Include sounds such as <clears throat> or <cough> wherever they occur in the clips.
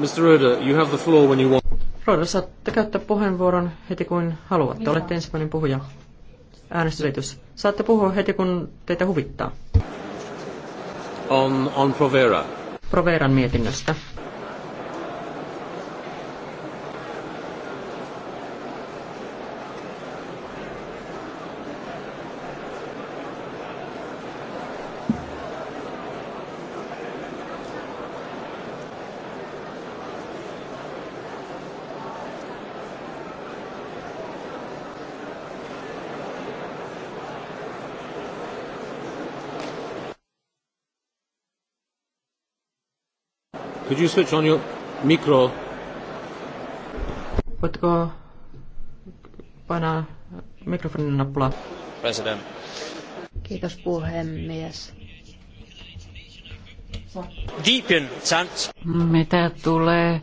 Mr. Röder, you have the floor when you want. Röder, saatte käyttää puheenvuoron heti kuin haluatte. Niin. Olette ensimmäinen puhuja. Äänestysliitys. Saatte puhua heti kun teitä huvittaa. On, on Provera. Proveran mietinnöstä. you switch on your micro? Voitko painaa mikrofonin nappulaa? President. Kiitos puhemies. Mitä tulee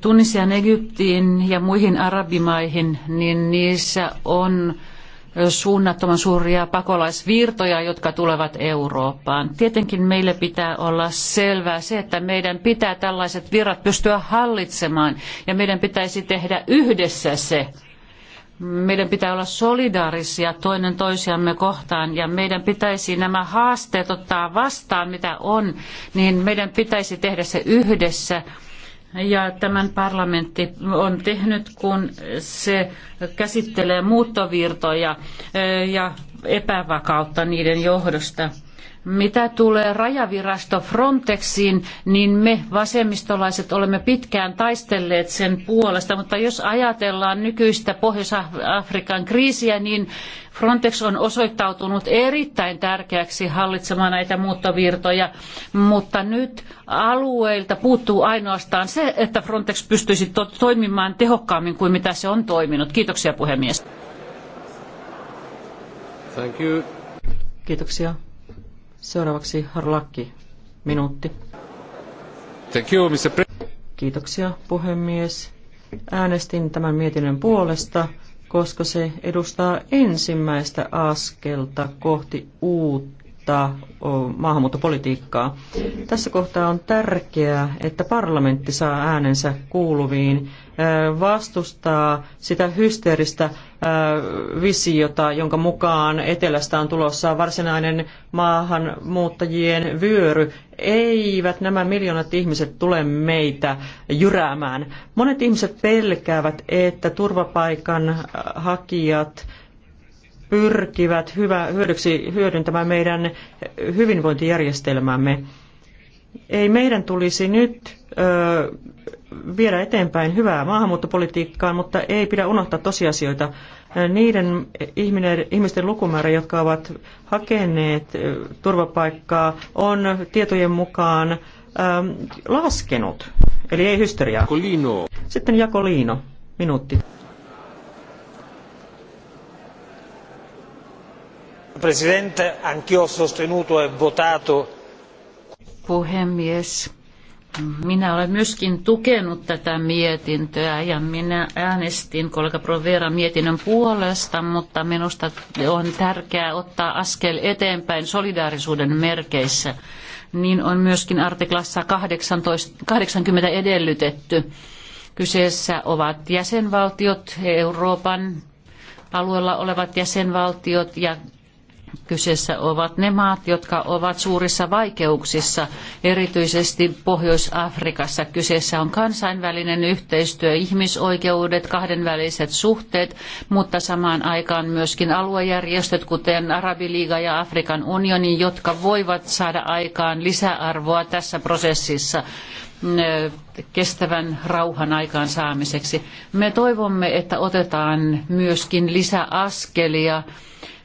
Tunisian, Egyptiin ja muihin arabimaihin, niin niissä on suunnattoman suuria pakolaisvirtoja, jotka tulevat Eurooppaan. Tietenkin meille pitää olla selvää se, että meidän pitää tällaiset virrat pystyä hallitsemaan ja meidän pitäisi tehdä yhdessä se. Meidän pitää olla solidaarisia toinen toisiamme kohtaan ja meidän pitäisi nämä haasteet ottaa vastaan, mitä on, niin meidän pitäisi tehdä se yhdessä ja tämän parlamentti on tehnyt, kun se käsittelee muuttovirtoja ja epävakautta niiden johdosta. Mitä tulee rajavirasto Frontexiin, niin me vasemmistolaiset olemme pitkään taistelleet sen puolesta, mutta jos ajatellaan nykyistä Pohjois-Afrikan kriisiä, niin Frontex on osoittautunut erittäin tärkeäksi hallitsemaan näitä muuttovirtoja, mutta nyt alueilta puuttuu ainoastaan se, että Frontex pystyisi to toimimaan tehokkaammin kuin mitä se on toiminut. Kiitoksia puhemies. Kiitoksia. Seuraavaksi Harlakki, minuutti. Thank you, Mr. Pre- Kiitoksia, puhemies. Äänestin tämän mietinnön puolesta, koska se edustaa ensimmäistä askelta kohti uutta maahanmuuttopolitiikkaa. Tässä kohtaa on tärkeää, että parlamentti saa äänensä kuuluviin vastustaa sitä hysteeristä visiota, jonka mukaan etelästä on tulossa varsinainen maahanmuuttajien vyöry. Eivät nämä miljoonat ihmiset tule meitä jyräämään. Monet ihmiset pelkäävät, että turvapaikan hakijat pyrkivät hyvä, hyödyksi hyödyntämään meidän hyvinvointijärjestelmämme. Ei meidän tulisi nyt ö, viedä eteenpäin hyvää maahanmuuttopolitiikkaa, mutta ei pidä unohtaa tosiasioita. Niiden ihmisten lukumäärä, jotka ovat hakeneet turvapaikkaa, on tietojen mukaan laskenut. Eli ei hysteriaa. Jakolino. Sitten Jakoliino, minuutti. Presidente, anch'io ho sostenuto e votato. Puhemies, minä olen myöskin tukenut tätä mietintöä ja minä äänestin kollega Provera mietinnön puolesta, mutta minusta on tärkeää ottaa askel eteenpäin solidaarisuuden merkeissä. Niin on myöskin artiklassa 18, 80 edellytetty. Kyseessä ovat jäsenvaltiot, Euroopan alueella olevat jäsenvaltiot ja Kyseessä ovat ne maat, jotka ovat suurissa vaikeuksissa, erityisesti Pohjois-Afrikassa. Kyseessä on kansainvälinen yhteistyö, ihmisoikeudet, kahdenväliset suhteet, mutta samaan aikaan myöskin aluejärjestöt, kuten Arabiliiga ja Afrikan unioni, jotka voivat saada aikaan lisäarvoa tässä prosessissa mm, kestävän rauhan aikaansaamiseksi. Me toivomme, että otetaan myöskin lisäaskelia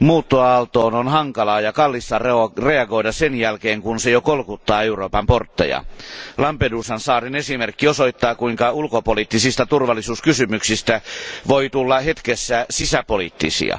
muuttoaaltoon on hankalaa ja kallista reagoida sen jälkeen kun se jo kolkuttaa euroopan portteja. lampedusan saaren esimerkki osoittaa kuinka ulkopoliittisista turvallisuuskysymyksistä voi tulla hetkessä sisäpoliittisia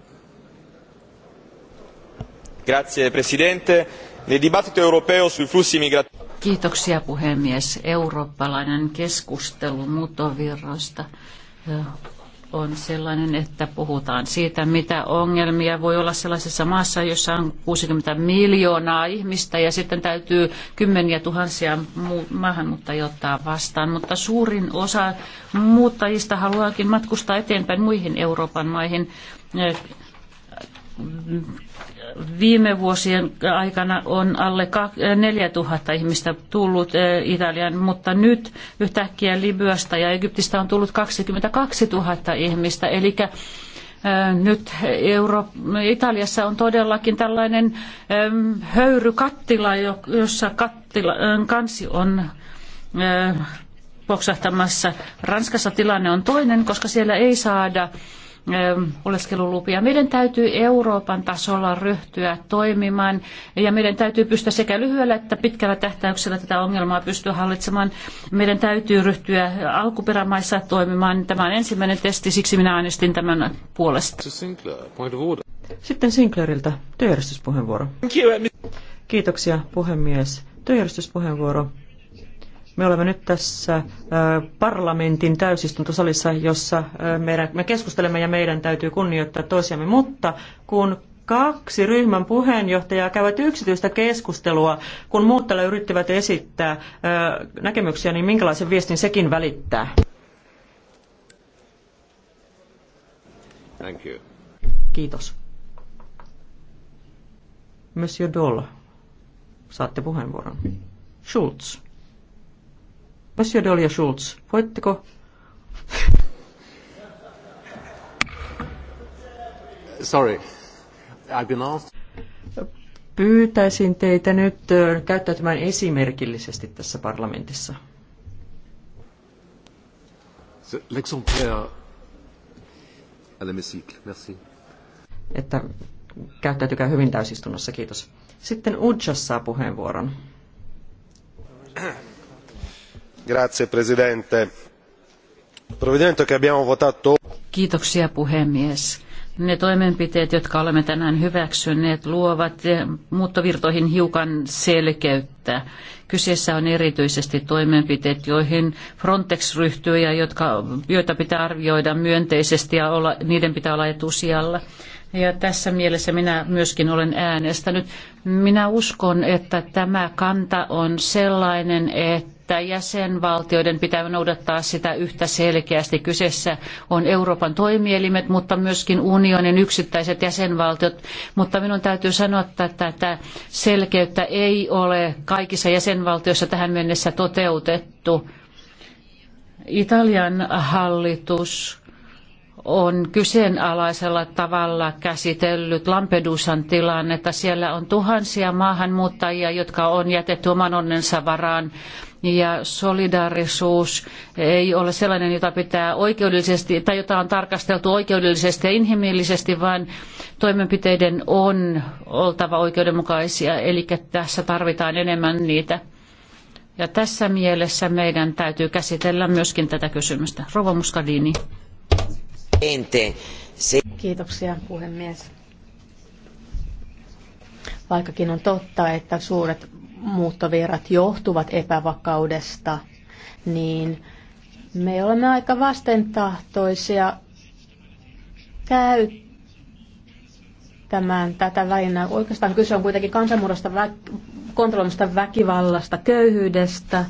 Grazie presidente. Nel dibattito europeo sui flussi migratori... Kiitoksia puhemies. Eurooppalainen keskustelu muuttovirroista on sellainen, että puhutaan siitä, mitä ongelmia voi olla sellaisessa maassa, jossa on 60 miljoonaa ihmistä ja sitten täytyy kymmeniä tuhansia maahanmuuttajia ottaa vastaan. Mutta suurin osa muuttajista haluaakin matkustaa eteenpäin muihin Euroopan maihin Viime vuosien aikana on alle 4000 äh, ihmistä tullut äh, Italian, mutta nyt yhtäkkiä Libyasta ja Egyptistä on tullut 22 000 ihmistä. Eli äh, nyt Euro- Italiassa on todellakin tällainen ähm, höyrykattila, jossa kattila, kansi on poksahtamassa. Ranskassa tilanne on toinen, koska siellä ei saada oleskelulupia. Meidän täytyy Euroopan tasolla ryhtyä toimimaan ja meidän täytyy pystyä sekä lyhyellä että pitkällä tähtäyksellä tätä ongelmaa pystyä hallitsemaan. Meidän täytyy ryhtyä alkuperämaissa toimimaan. Tämä on ensimmäinen testi, siksi minä äänestin tämän puolesta. Sitten Sinclairilta työjärjestyspuheenvuoro. Kiitoksia puhemies. Työjärjestyspuheenvuoro me olemme nyt tässä parlamentin täysistuntosalissa, jossa meidän, me keskustelemme ja meidän täytyy kunnioittaa toisiamme, mutta kun kaksi ryhmän puheenjohtajaa käyvät yksityistä keskustelua, kun muut täällä yrittivät esittää näkemyksiä, niin minkälaisen viestin sekin välittää? Thank you. Kiitos. Monsieur Doll, saatte puheenvuoron. Schulz. Monsieur Dolia Schulz, voitteko? Sorry, I've been asked. Pyytäisin teitä nyt käyttäytymään esimerkillisesti tässä parlamentissa. à Merci. Että käyttäytykää hyvin täysistunnossa, kiitos. Sitten Udjas saa puheenvuoron. <clears throat> Grazie, presidente. Provvedimento che abbiamo votato... Kiitoksia puhemies. Ne toimenpiteet, jotka olemme tänään hyväksyneet, luovat eh, muuttovirtoihin hiukan selkeyttä. Kyseessä on erityisesti toimenpiteet, joihin Frontex ryhtyy ja jotka, joita pitää arvioida myönteisesti ja olla, niiden pitää olla etusijalla. Ja tässä mielessä minä myöskin olen äänestänyt. Minä uskon, että tämä kanta on sellainen, että että jäsenvaltioiden pitää noudattaa sitä yhtä selkeästi. Kyseessä on Euroopan toimielimet, mutta myöskin unionin yksittäiset jäsenvaltiot. Mutta minun täytyy sanoa, että tätä selkeyttä ei ole kaikissa jäsenvaltioissa tähän mennessä toteutettu. Italian hallitus on kyseenalaisella tavalla käsitellyt Lampedusan tilannetta. Siellä on tuhansia maahanmuuttajia, jotka on jätetty oman onnensa varaan ja solidaarisuus ei ole sellainen, jota pitää oikeudellisesti tai jota on tarkasteltu oikeudellisesti ja inhimillisesti, vaan toimenpiteiden on oltava oikeudenmukaisia, eli tässä tarvitaan enemmän niitä. Ja tässä mielessä meidän täytyy käsitellä myöskin tätä kysymystä. Rova Muscadini. Kiitoksia puhemies. Vaikkakin on totta, että suuret muuttovirrat johtuvat epävakaudesta, niin me olemme aika vastentahtoisia käyttämään tätä välinää. Oikeastaan kyse on kuitenkin kansanmurrosta, vä- kontrolloimasta väkivallasta, köyhyydestä.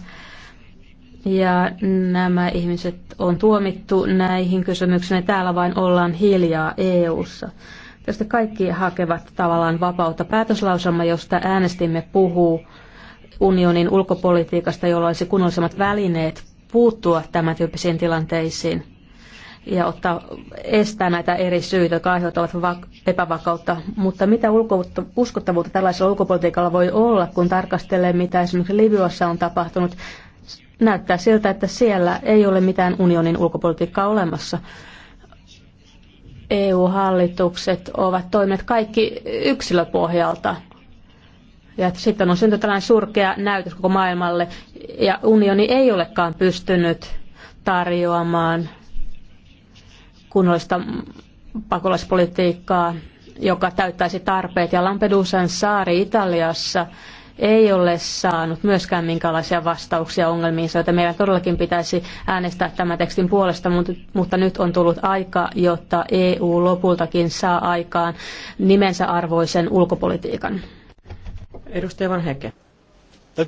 Ja nämä ihmiset on tuomittu näihin kysymyksiin. Täällä vain ollaan hiljaa eu ssa Tästä kaikki hakevat tavallaan vapautta. Päätöslausama, josta äänestimme, puhuu unionin ulkopolitiikasta, jolla olisi kunnollisemmat välineet puuttua tämän tyyppisiin tilanteisiin ja ottaa, estää näitä eri syitä, jotka aiheuttavat epävakautta. Mutta mitä uskottavuutta tällaisella ulkopolitiikalla voi olla, kun tarkastelee, mitä esimerkiksi Libyassa on tapahtunut? Näyttää siltä, että siellä ei ole mitään unionin ulkopolitiikkaa olemassa. EU-hallitukset ovat toimineet kaikki yksilöpohjalta. Ja sitten on syntynyt tällainen surkea näytös koko maailmalle, ja unioni ei olekaan pystynyt tarjoamaan kunnollista pakolaispolitiikkaa, joka täyttäisi tarpeet. Ja Lampedusan saari Italiassa ei ole saanut myöskään minkälaisia vastauksia ongelmiinsa, joten meidän todellakin pitäisi äänestää tämän tekstin puolesta, mutta nyt on tullut aika, jotta EU lopultakin saa aikaan nimensä arvoisen ulkopolitiikan. Edustaja Van Heke. Eh,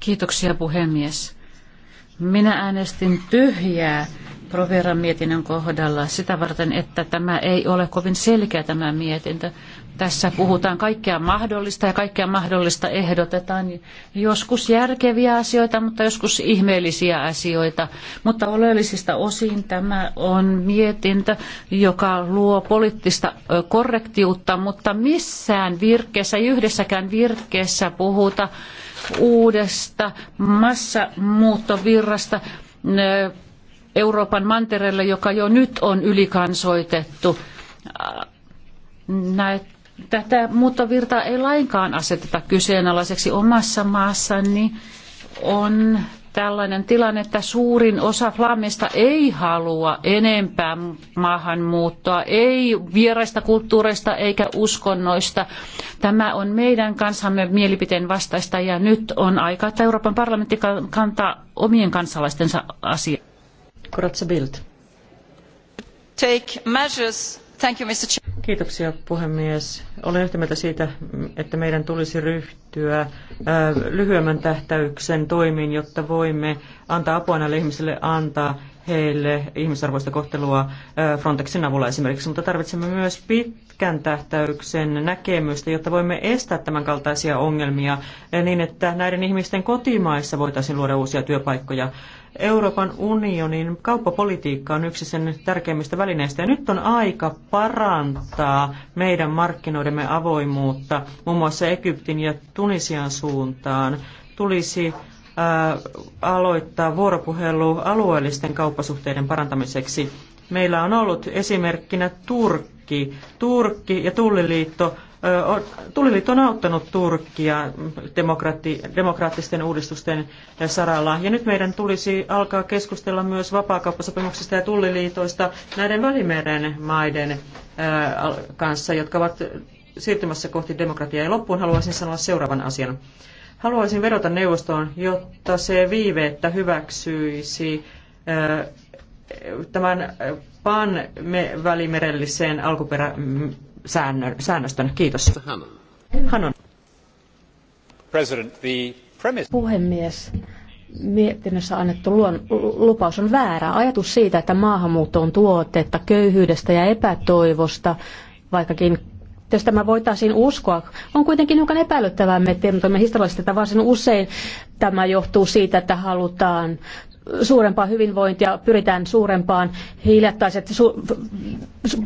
Kiitoksia puhemies. Minä äänestin tyhjää Proveran mietinnön kohdalla sitä varten, että tämä ei ole kovin selkeä tämä mietintö. Tässä puhutaan kaikkea mahdollista ja kaikkea mahdollista ehdotetaan. Joskus järkeviä asioita, mutta joskus ihmeellisiä asioita. Mutta oleellisista osin tämä on mietintö, joka luo poliittista korrektiutta, mutta missään virkkeessä, yhdessäkään virkkeessä puhuta uudesta massamuuttovirrasta Euroopan mantereelle, joka jo nyt on ylikansoitettu näet, tätä muuttovirtaa ei lainkaan aseteta kyseenalaiseksi omassa maassani, on tällainen tilanne, että suurin osa flamista ei halua enempää maahanmuuttoa, ei vieraista kulttuureista eikä uskonnoista. Tämä on meidän kansamme mielipiteen vastaista ja nyt on aika, että Euroopan parlamentti kantaa omien kansalaistensa asiaa. Take measures Kiitoksia puhemies. Olen yhtä mieltä siitä, että meidän tulisi ryhtyä lyhyemmän tähtäyksen toimiin, jotta voimme antaa apua näille ihmisille, antaa heille ihmisarvoista kohtelua Frontexin avulla esimerkiksi, mutta tarvitsemme myös pitkän tähtäyksen näkemystä, jotta voimme estää tämän kaltaisia ongelmia niin, että näiden ihmisten kotimaissa voitaisiin luoda uusia työpaikkoja. Euroopan unionin kauppapolitiikka on yksi sen tärkeimmistä välineistä ja nyt on aika parantaa meidän markkinoidemme avoimuutta muun muassa Egyptin ja Tunisian suuntaan. Tulisi aloittaa vuoropuhelu alueellisten kauppasuhteiden parantamiseksi. Meillä on ollut esimerkkinä Turkki. Turkki ja Tulliliitto. Tulliliitto on auttanut Turkkia demokraatti, demokraattisten uudistusten saralla. Ja nyt meidän tulisi alkaa keskustella myös vapaakauppasopimuksista ja tulliliitoista näiden välimeren maiden kanssa, jotka ovat siirtymässä kohti demokratiaa. Ja loppuun haluaisin sanoa seuraavan asian. Haluaisin vedota neuvostoon, jotta se viiveettä hyväksyisi tämän pan välimerellisen alkuperäsäännöstön. Kiitos. Hanon. Puhemies, mietinnössä annettu lupaus on väärä. Ajatus siitä, että maahanmuutto on tuotetta köyhyydestä ja epätoivosta, vaikkakin jos tämä voitaisiin uskoa, on kuitenkin hiukan epäilyttävää. Me tiedämme historiallisesti, että varsin usein tämä johtuu siitä, että halutaan suurempaa hyvinvointia, pyritään suurempaan. Hiljattaiset su-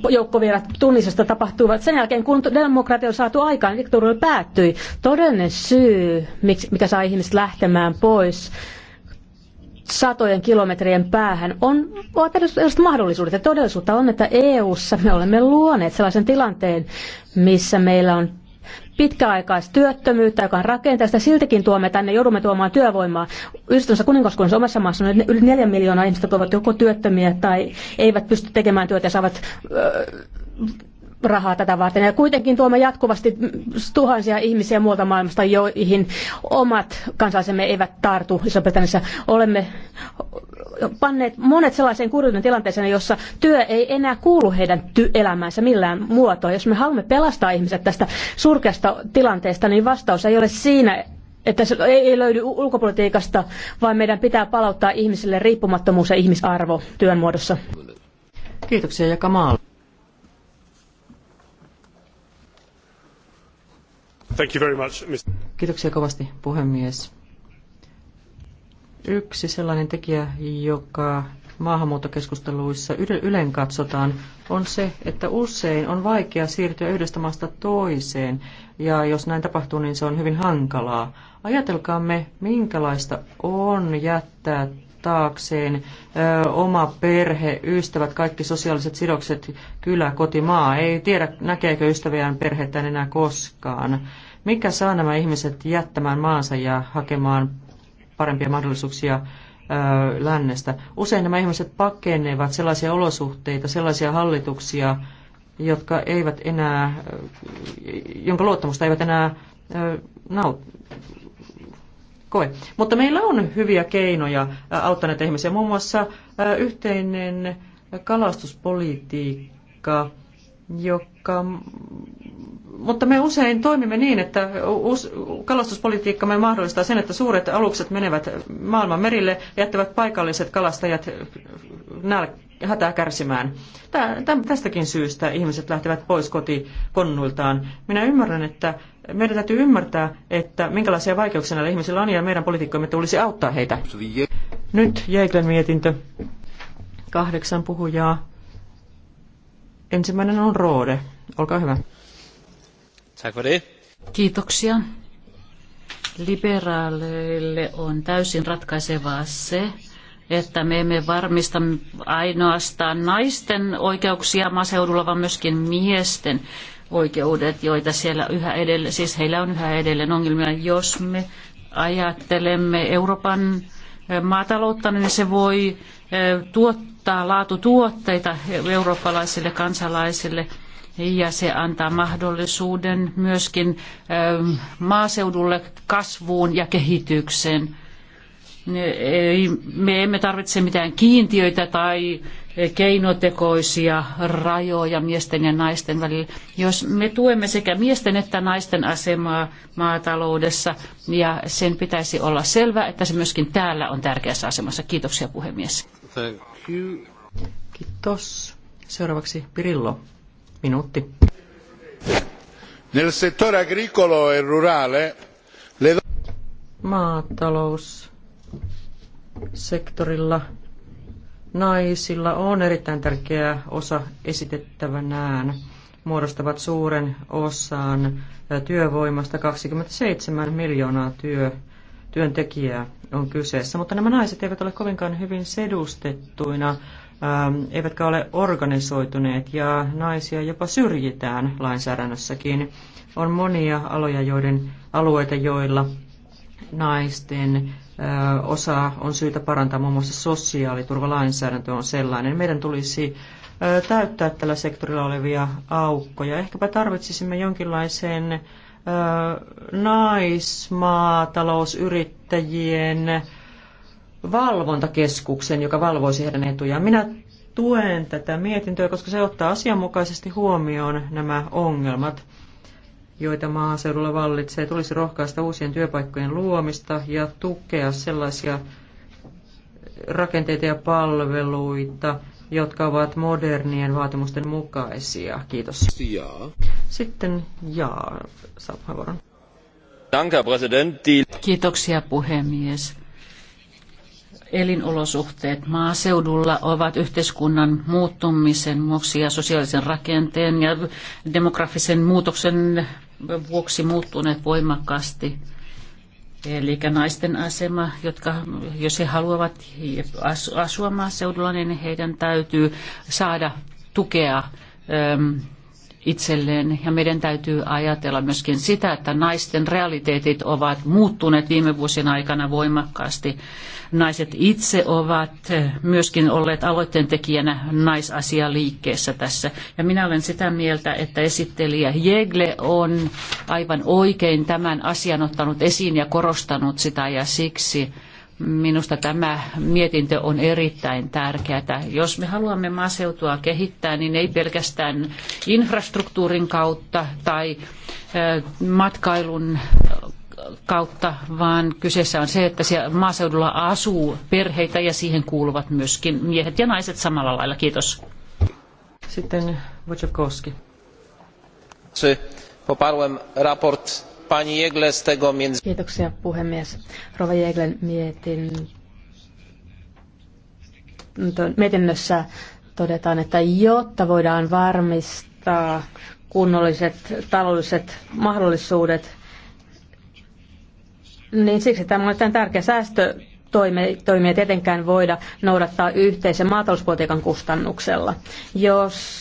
joukkovierat tunnisesta tapahtuivat sen jälkeen, kun demokratia on saatu aikaan, diktuuri päättyi. Todellinen syy, mikä saa ihmiset lähtemään pois, satojen kilometrien päähän, on, ovat mahdollisuudet. Ja todellisuutta on, että EU-ssa me olemme luoneet sellaisen tilanteen, missä meillä on pitkäaikaistyöttömyyttä, joka on rakenteesta. Siltikin tuomme tänne, joudumme tuomaan työvoimaa. Yhdistyneessä kuningaskunnassa omassa maassa on yli neljä miljoonaa ihmistä, jotka ovat joko työttömiä tai eivät pysty tekemään työtä ja saavat öö, rahaa tätä varten. Ja kuitenkin tuomme jatkuvasti tuhansia ihmisiä muualta maailmasta, joihin omat kansalaisemme eivät tartu iso Olemme panneet monet sellaiseen kurjuuden tilanteeseen, jossa työ ei enää kuulu heidän ty- elämäänsä millään muotoa. Jos me haluamme pelastaa ihmiset tästä surkeasta tilanteesta, niin vastaus ei ole siinä, että se ei löydy ulkopolitiikasta, vaan meidän pitää palauttaa ihmisille riippumattomuus ja ihmisarvo työn muodossa. Kiitoksia Jaka Maal. Thank you very much, Mr. Kiitoksia kovasti, puhemies. Yksi sellainen tekijä, joka maahanmuuttokeskusteluissa ylen katsotaan, on se, että usein on vaikea siirtyä yhdestä maasta toiseen, ja jos näin tapahtuu, niin se on hyvin hankalaa. Ajatelkaamme, minkälaista on jättää taakseen ö, oma perhe, ystävät, kaikki sosiaaliset sidokset, kylä, kotimaa. Ei tiedä, näkeekö ystäviään perhettään enää koskaan mikä saa nämä ihmiset jättämään maansa ja hakemaan parempia mahdollisuuksia lännestä. Usein nämä ihmiset pakenevat sellaisia olosuhteita, sellaisia hallituksia, jotka eivät enää, jonka luottamusta eivät enää naut, koe. Mutta meillä on hyviä keinoja auttaa näitä ihmisiä, muun muassa yhteinen kalastuspolitiikka, joka mutta me usein toimimme niin, että kalastuspolitiikkamme mahdollistaa sen, että suuret alukset menevät maailman merille ja jättävät paikalliset kalastajat näl- hätää kärsimään. Tästäkin syystä ihmiset lähtevät pois kotikonnuiltaan. Minä ymmärrän, että meidän täytyy ymmärtää, että minkälaisia vaikeuksia näillä ihmisillä on ja meidän poliitikkoimme tulisi auttaa heitä. Nyt jäiklän mietintö. Kahdeksan puhujaa. Ensimmäinen on Roode. Olkaa hyvä. Kiitoksia. Liberaaleille on täysin ratkaisevaa se, että me emme varmista ainoastaan naisten oikeuksia maaseudulla, vaan myöskin miesten oikeudet, joita siellä yhä edelleen, siis heillä on yhä edelleen ongelmia. Jos me ajattelemme Euroopan maataloutta, niin se voi tuottaa laatutuotteita e-, eurooppalaisille kansalaisille – ja se antaa mahdollisuuden myöskin ähm, maaseudulle kasvuun ja kehitykseen. Me emme tarvitse mitään kiintiöitä tai keinotekoisia rajoja miesten ja naisten välillä. Jos me tuemme sekä miesten että naisten asemaa maataloudessa, ja sen pitäisi olla selvä, että se myöskin täällä on tärkeässä asemassa. Kiitoksia puhemies. Kiitos. Seuraavaksi Pirillo. Minuutti. Nel settore agricolo e rurale le... Maataloussektorilla naisilla on erittäin tärkeä osa esitettävänään muodostavat suuren osan työvoimasta 27 miljoonaa työ, työntekijää on kyseessä, mutta nämä naiset eivät ole kovinkaan hyvin sedustettuina Ähm, eivätkä ole organisoituneet ja naisia jopa syrjitään lainsäädännössäkin. On monia aloja, joiden, alueita, joilla naisten äh, osa on syytä parantaa, muun muassa sosiaaliturvalainsäädäntö on sellainen. Meidän tulisi äh, täyttää tällä sektorilla olevia aukkoja. Ehkäpä tarvitsisimme jonkinlaisen äh, naismaatalousyrittäjien valvontakeskuksen, joka valvoisi heidän etujaan. Minä tuen tätä mietintöä, koska se ottaa asianmukaisesti huomioon nämä ongelmat, joita maaseudulla vallitsee. Tulisi rohkaista uusien työpaikkojen luomista ja tukea sellaisia rakenteita ja palveluita, jotka ovat modernien vaatimusten mukaisia. Kiitos. Jaa. Sitten jaa, saa puheenvuoron. Kiitoksia puhemies elinolosuhteet maaseudulla ovat yhteiskunnan muuttumisen vuoksi ja sosiaalisen rakenteen ja demografisen muutoksen vuoksi muuttuneet voimakkaasti. Eli naisten asema, jotka, jos he haluavat asua maaseudulla, niin heidän täytyy saada tukea ähm, itselleen. Ja meidän täytyy ajatella myöskin sitä, että naisten realiteetit ovat muuttuneet viime vuosien aikana voimakkaasti. Naiset itse ovat myöskin olleet aloitteen tekijänä naisasialiikkeessä tässä. Ja minä olen sitä mieltä, että esittelijä Jegle on aivan oikein tämän asian ottanut esiin ja korostanut sitä ja siksi Minusta tämä mietintö on erittäin tärkeää. Jos me haluamme maaseutua kehittää, niin ei pelkästään infrastruktuurin kautta tai matkailun kautta, vaan kyseessä on se, että siellä maaseudulla asuu perheitä ja siihen kuuluvat myöskin miehet ja naiset samalla lailla. Kiitos. Sitten Wojciechowski. Poparłem raport pani Jegle z tego między... Kiitoksia puhemies. Rova Jeglen mietin... mietinnössä todetaan, että jotta voidaan varmistaa kunnolliset taloudelliset mahdollisuudet, niin siksi tämä on tärkeä säästö toimia tietenkään voida noudattaa yhteisen maatalouspolitiikan kustannuksella. Jos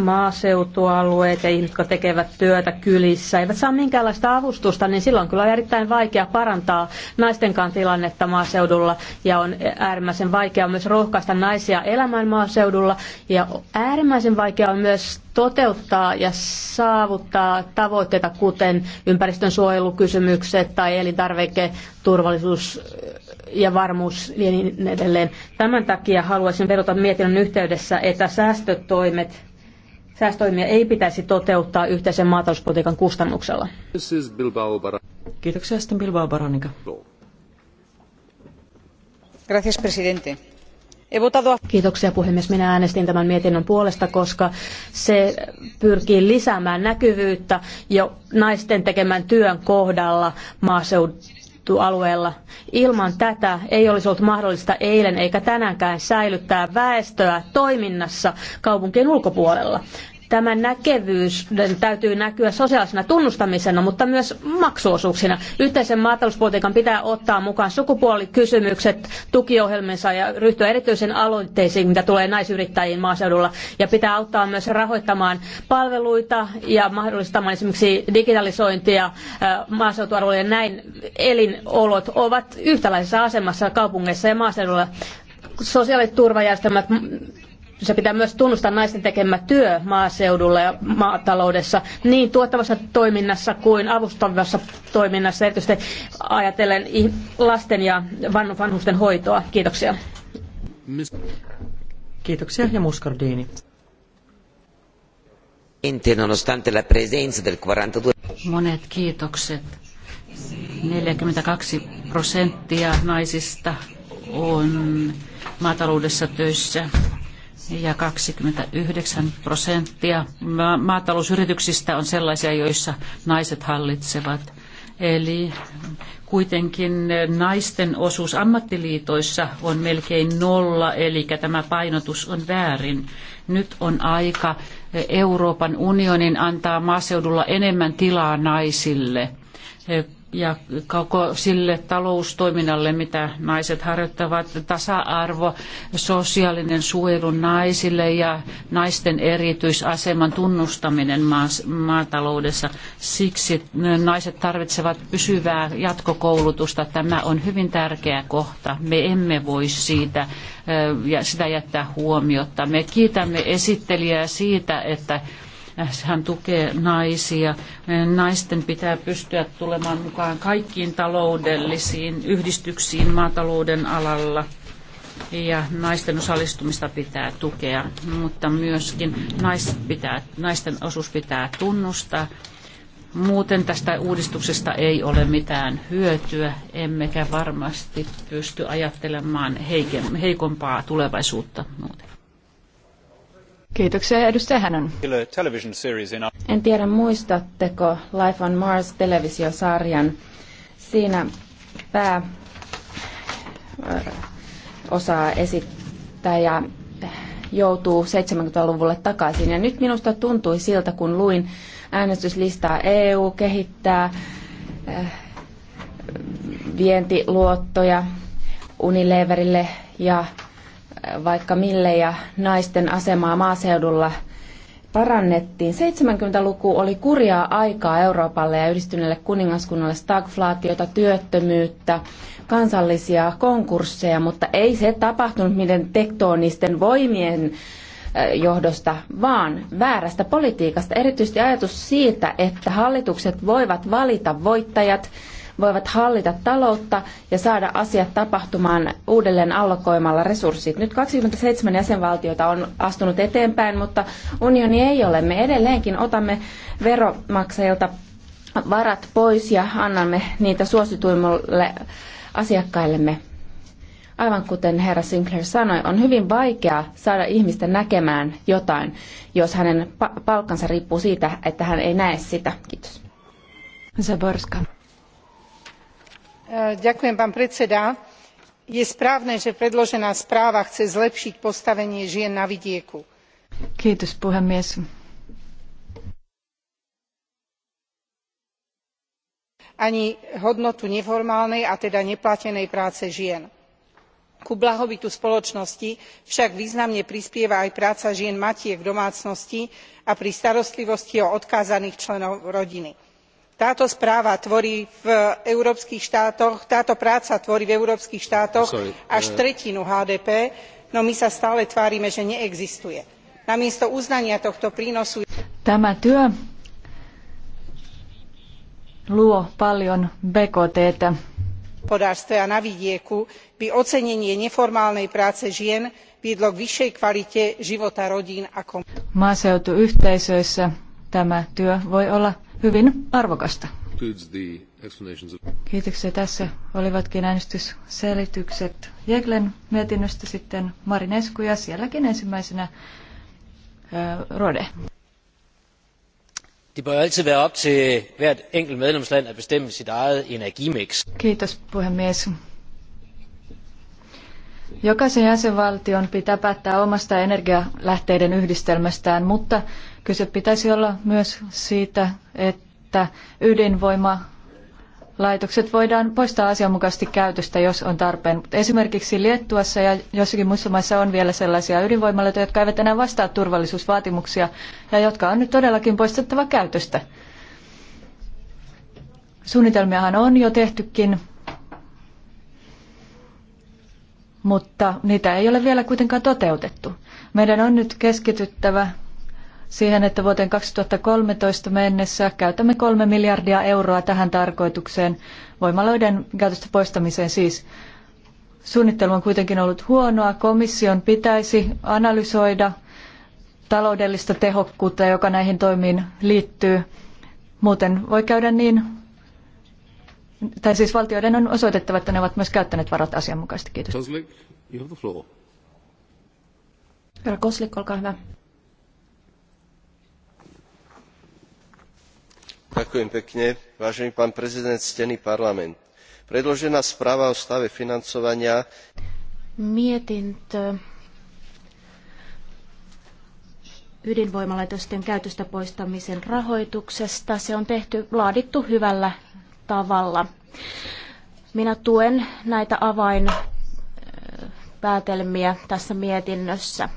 maaseutualueet ja ihmiset, jotka tekevät työtä kylissä, eivät saa minkäänlaista avustusta, niin silloin kyllä on erittäin vaikea parantaa naistenkaan tilannetta maaseudulla ja on äärimmäisen vaikea myös rohkaista naisia elämään maaseudulla ja äärimmäisen vaikea on myös toteuttaa ja saavuttaa tavoitteita, kuten ympäristön suojelukysymykset tai elintarviketurvallisuus eh, ja varmuus ja niin edelleen. Tämän takia haluaisin vedota mietinnön yhteydessä, että säästötoimet säästöimiä ei pitäisi toteuttaa yhteisen maatalouspolitiikan kustannuksella. Kiitoksia sitten Bilbao Baranika. No. Gracias, presidente. Kiitoksia puhemies. Minä äänestin tämän mietinnön puolesta, koska se pyrkii lisäämään näkyvyyttä jo naisten tekemän työn kohdalla maaseutualueella. Ilman tätä ei olisi ollut mahdollista eilen eikä tänäänkään säilyttää väestöä toiminnassa kaupunkien ulkopuolella. Tämän näkevyyden täytyy näkyä sosiaalisena tunnustamisena, mutta myös maksuosuuksina. Yhteisen maatalouspolitiikan pitää ottaa mukaan sukupuolikysymykset tukiohjelmissa ja ryhtyä erityisen aloitteisiin, mitä tulee naisyrittäjiin maaseudulla. Ja pitää auttaa myös rahoittamaan palveluita ja mahdollistamaan esimerkiksi digitalisointia äh, maaseutualueilla. Näin elinolot ovat yhtäläisessä asemassa kaupungeissa ja maaseudulla sosiaaliturvajärjestelmät se pitää myös tunnustaa naisten tekemä työ maaseudulla ja maataloudessa niin tuottavassa toiminnassa kuin avustavassa toiminnassa, erityisesti ajatellen lasten ja vanhusten hoitoa. Kiitoksia. Kiitoksia ja Muscardini. Nonostante la presenza del 42... Monet kiitokset. 42 prosenttia naisista on maataloudessa töissä ja 29 prosenttia maatalousyrityksistä on sellaisia, joissa naiset hallitsevat. Eli kuitenkin naisten osuus ammattiliitoissa on melkein nolla, eli tämä painotus on väärin. Nyt on aika Euroopan unionin antaa maaseudulla enemmän tilaa naisille ja koko sille taloustoiminnalle, mitä naiset harjoittavat, tasa-arvo, sosiaalinen suojelu naisille ja naisten erityisaseman tunnustaminen maataloudessa. Siksi naiset tarvitsevat pysyvää jatkokoulutusta. Tämä on hyvin tärkeä kohta. Me emme voi siitä sitä jättää huomiotta. Me kiitämme esittelijää siitä, että hän tukee naisia. Naisten pitää pystyä tulemaan mukaan kaikkiin taloudellisiin yhdistyksiin maatalouden alalla ja naisten osallistumista pitää tukea, mutta myöskin nais pitää, naisten osuus pitää tunnustaa. Muuten tästä uudistuksesta ei ole mitään hyötyä, emmekä varmasti pysty ajattelemaan heikompaa tulevaisuutta muuten. Kiitoksia, edustaja Hänen. En tiedä, muistatteko Life on Mars-televisiosarjan. Siinä pää osaa esittää ja joutuu 70-luvulle takaisin. Ja nyt minusta tuntui siltä, kun luin äänestyslistaa EU kehittää vientiluottoja Unileverille ja vaikka mille ja naisten asemaa maaseudulla parannettiin. 70-luku oli kurjaa aikaa Euroopalle ja yhdistyneelle kuningaskunnalle stagflaatiota, työttömyyttä, kansallisia konkursseja, mutta ei se tapahtunut miten tektonisten voimien johdosta, vaan väärästä politiikasta. Erityisesti ajatus siitä, että hallitukset voivat valita voittajat voivat hallita taloutta ja saada asiat tapahtumaan uudelleen allokoimalla resurssit. Nyt 27 jäsenvaltiota on astunut eteenpäin, mutta unioni ei ole. Me edelleenkin otamme veromaksajilta varat pois ja annamme niitä suosituimmalle asiakkaillemme aivan kuten herra Sinclair sanoi, on hyvin vaikea saada ihmistä näkemään jotain, jos hänen palkkansa riippuu siitä, että hän ei näe sitä. Kiitos. Zaborska je správne že predložená správa chce zlepšiť postavenie žien na vidieku. ani hodnotu neformálnej a teda neplatenej práce žien. ku blahobytu spoločnosti však významne prispieva aj práca žien matiek v domácnosti a pri starostlivosti o odkázaných členov rodiny táto práca tvorí v európskych štátoch až eh. tretinu hdp no my sa stále tvárime že neexistuje. namiesto uznania tohto prínosu. tämä työ luo paljon bkttä hospodárstve a na vidieku by ocenenie neformálnej práce žien viedlo k vyššej kvalite života rodín a maaseutuyhteisöissä tämä työ voi olla hyvin arvokasta. Kiitoksia. Tässä olivatkin äänestysselitykset Jeglen mietinnöstä sitten Marinesku ja sielläkin ensimmäisenä äh, Rode. Det bør altid være op til hvert enkelt medlemsland at bestemme sit eget energimix. Kiitos puhemies. Jokaisen jäsenvaltion pitää päättää omasta energialähteiden yhdistelmästään, mutta kyse pitäisi olla myös siitä, että ydinvoima laitokset voidaan poistaa asianmukaisesti käytöstä, jos on tarpeen. esimerkiksi Liettuassa ja jossakin muissa maissa on vielä sellaisia ydinvoimaloita, jotka eivät enää vastaa turvallisuusvaatimuksia ja jotka on nyt todellakin poistettava käytöstä. Suunnitelmiahan on jo tehtykin mutta niitä ei ole vielä kuitenkaan toteutettu. Meidän on nyt keskityttävä siihen, että vuoteen 2013 mennessä käytämme kolme miljardia euroa tähän tarkoitukseen, voimaloiden käytöstä poistamiseen siis. Suunnittelu on kuitenkin ollut huonoa. Komission pitäisi analysoida taloudellista tehokkuutta, joka näihin toimiin liittyy. Muuten voi käydä niin, tai siis valtioiden on osoitettava, että ne ovat myös käyttäneet varat asianmukaisesti. Kiitos. Koslik, you have the floor. Herra Koslik, olkaa hyvä. Ďakujem pekne, vážený pán prezident, stený parlament. Predložená správa o stave financovania... Mietintö ydinvoimalaitosten käytöstä poistamisen rahoituksesta. Se on tehty, laadittu hyvällä tavalla. Minä tuen näitä avainpäätelmiä tässä mietinnössä.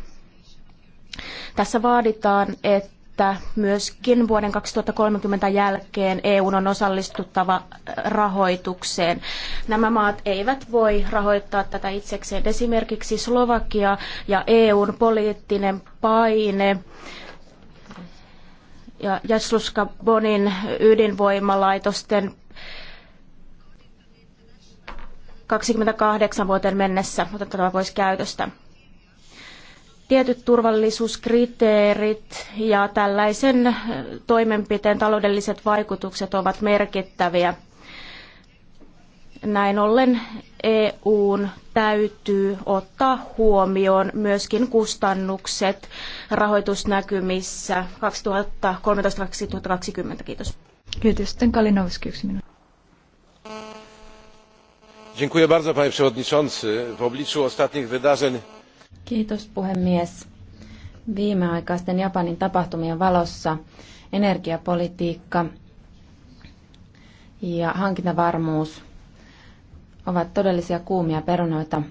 Tässä vaaditaan, että myöskin vuoden 2030 jälkeen EU on osallistuttava rahoitukseen. Nämä maat eivät voi rahoittaa tätä itsekseen. Esimerkiksi Slovakia ja EUn poliittinen paine ja Jasluska Bonin ydinvoimalaitosten 28 vuoteen mennessä otettava pois käytöstä. Tietyt turvallisuuskriteerit ja tällaisen toimenpiteen taloudelliset vaikutukset ovat merkittäviä. Näin ollen EUn täytyy ottaa huomioon myöskin kustannukset rahoitusnäkymissä 2013-2020. Kiitos. Kiitos. Sitten Kalinowski yksi minuutti w obliczu ostatnich wydarzeń viimeaikaisten japanin tapahtumien valossa energiapolitiikka ja hankintavarmuus ovat todellisia kuumia perunoita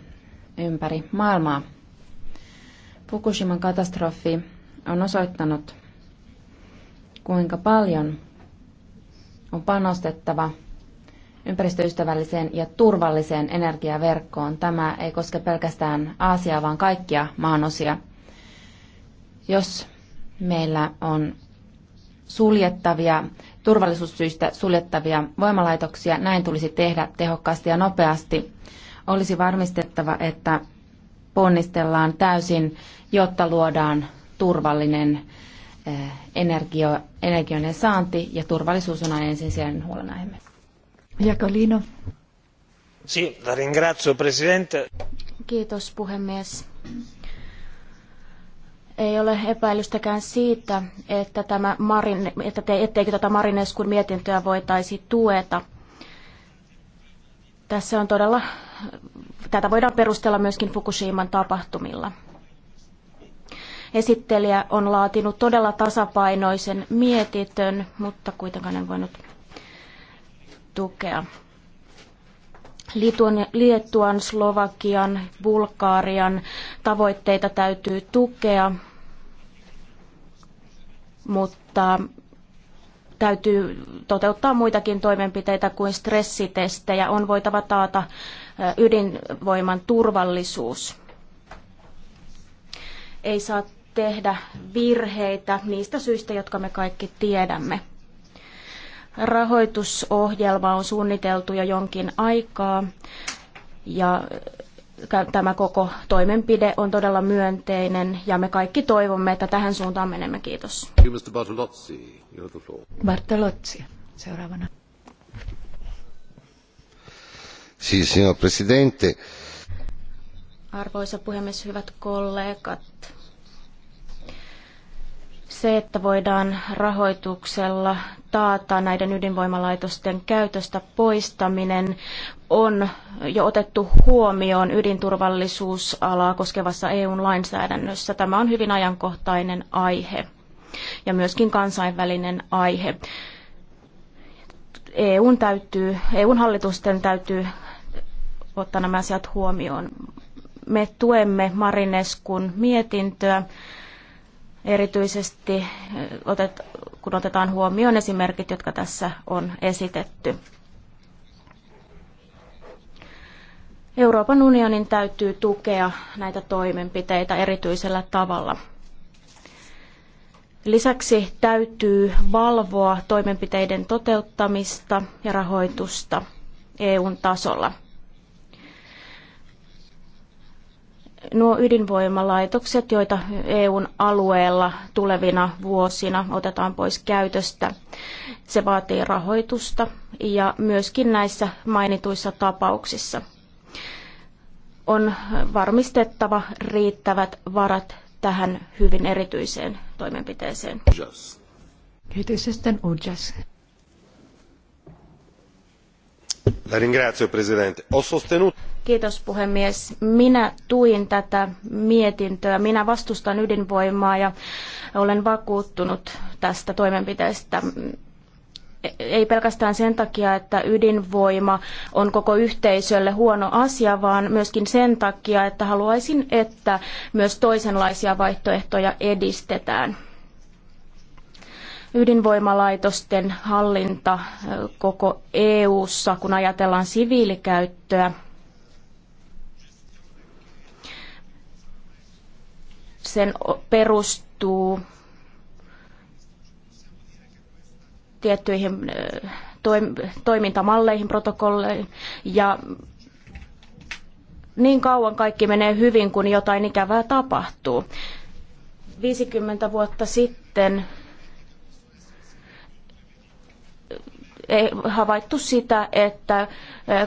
ympäri maailmaa. Fukushiman katastrofi on osoittanut, kuinka paljon on panostettava ympäristöystävälliseen ja turvalliseen energiaverkkoon. Tämä ei koske pelkästään Aasiaa, vaan kaikkia maanosia. Jos meillä on suljettavia, turvallisuussyistä suljettavia voimalaitoksia, näin tulisi tehdä tehokkaasti ja nopeasti. Olisi varmistettava, että ponnistellaan täysin, jotta luodaan turvallinen eh, energio, energioinen saanti ja turvallisuus on aina ensisijainen huolenaihe. Kiitos puhemies. Ei ole epäilystäkään siitä, että, tämä Marin, että te, etteikö tätä Marineskun mietintöä voitaisi tueta. Tässä on todella, tätä voidaan perustella myöskin Fukushiman tapahtumilla. Esittelijä on laatinut todella tasapainoisen mietitön, mutta kuitenkaan en voinut tukea. Liettuan, Slovakian, Bulgaarian tavoitteita täytyy tukea, mutta täytyy toteuttaa muitakin toimenpiteitä kuin stressitestejä. On voitava taata ydinvoiman turvallisuus. Ei saa tehdä virheitä niistä syistä, jotka me kaikki tiedämme. Rahoitusohjelma on suunniteltu jo jonkin aikaa ja tämä koko toimenpide on todella myönteinen ja me kaikki toivomme, että tähän suuntaan menemme. Kiitos. Bartolozzi, Bartolozzi seuraavana. Si, signor Presidente. Arvoisa puhemies, hyvät kollegat. Se, että voidaan rahoituksella taata näiden ydinvoimalaitosten käytöstä poistaminen, on jo otettu huomioon ydinturvallisuusalaa koskevassa EUn lainsäädännössä. Tämä on hyvin ajankohtainen aihe ja myöskin kansainvälinen aihe. EUn, täytyy, EUn hallitusten täytyy ottaa nämä asiat huomioon. Me tuemme Marineskun mietintöä erityisesti eh, otet, kun otetaan huomioon esimerkit, jotka tässä on esitetty. Euroopan unionin täytyy tukea näitä toimenpiteitä erityisellä tavalla. Lisäksi täytyy valvoa toimenpiteiden toteuttamista ja rahoitusta EUn tasolla. nuo ydinvoimalaitokset, joita EUn alueella tulevina vuosina otetaan pois käytöstä. Se vaatii rahoitusta ja myöskin näissä mainituissa tapauksissa on varmistettava riittävät varat tähän hyvin erityiseen toimenpiteeseen. Kiitos sitten Ujas. Kiitos puhemies. Minä tuin tätä mietintöä. Minä vastustan ydinvoimaa ja olen vakuuttunut tästä toimenpiteestä. Ei pelkästään sen takia, että ydinvoima on koko yhteisölle huono asia, vaan myöskin sen takia, että haluaisin, että myös toisenlaisia vaihtoehtoja edistetään ydinvoimalaitosten hallinta koko EU:ssa, kun ajatellaan siviilikäyttöä. Sen perustuu tiettyihin toimintamalleihin, protokolleihin ja niin kauan kaikki menee hyvin, kun jotain ikävää tapahtuu. 50 vuotta sitten havaittu sitä, että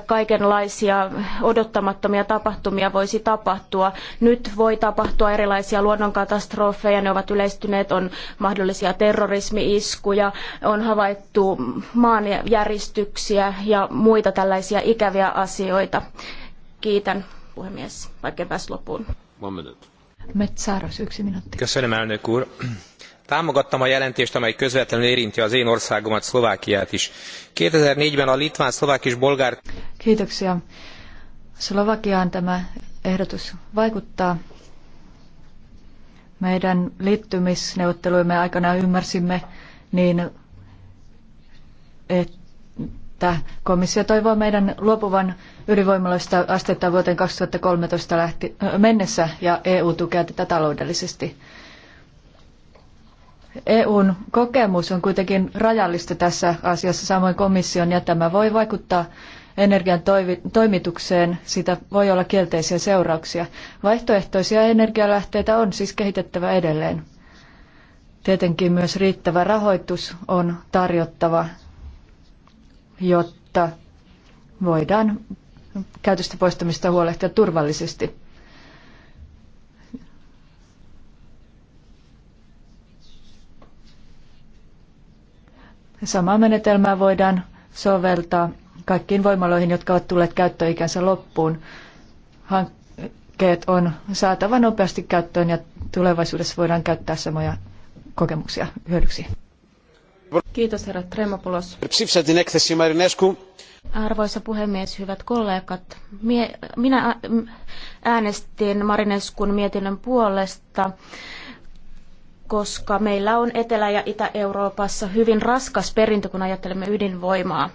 kaikenlaisia odottamattomia tapahtumia voisi tapahtua. Nyt voi tapahtua erilaisia luonnonkatastrofeja, ne ovat yleistyneet, on mahdollisia terrorismi-iskuja, on havaittu maanjäristyksiä ja muita tällaisia ikäviä asioita. Kiitän puhemies, vaikka en päässyt loppuun. One minute. Metsaros, yksi minuutti. Köszönöm, elnök támogattam a jelentést amely közvetlenül érinti az én országomat szlovákiát is. 2004 thousand and four ben a litván szlovák és bolgár. kiitoksia. Slovakiaan tämä ehdotus vaikuttaa. Meidän liittymisneuvotteluimme aikana ymmärsimme niin, että komissio toivoo meidän luopuvan ydinvoimaloista astetta vuoteen 2013 lähti, mennessä ja EU tukee tätä taloudellisesti. EUn kokemus on kuitenkin rajallista tässä asiassa, samoin komission, ja tämä voi vaikuttaa energian toimitukseen, siitä voi olla kielteisiä seurauksia. Vaihtoehtoisia energialähteitä on siis kehitettävä edelleen. Tietenkin myös riittävä rahoitus on tarjottava, jotta voidaan käytöstä poistamista huolehtia turvallisesti. Samaa menetelmää voidaan soveltaa kaikkiin voimaloihin, jotka ovat tulleet käyttöikänsä loppuun. Hankkeet on saatava nopeasti käyttöön ja tulevaisuudessa voidaan käyttää samoja kokemuksia hyödyksi. Kiitos herra Tremopulos. Arvoisa puhemies, hyvät kollegat. minä äänestin Marineskun mietinnön puolesta koska meillä on Etelä- ja Itä-Euroopassa hyvin raskas perintö, kun ajattelemme ydinvoimaa.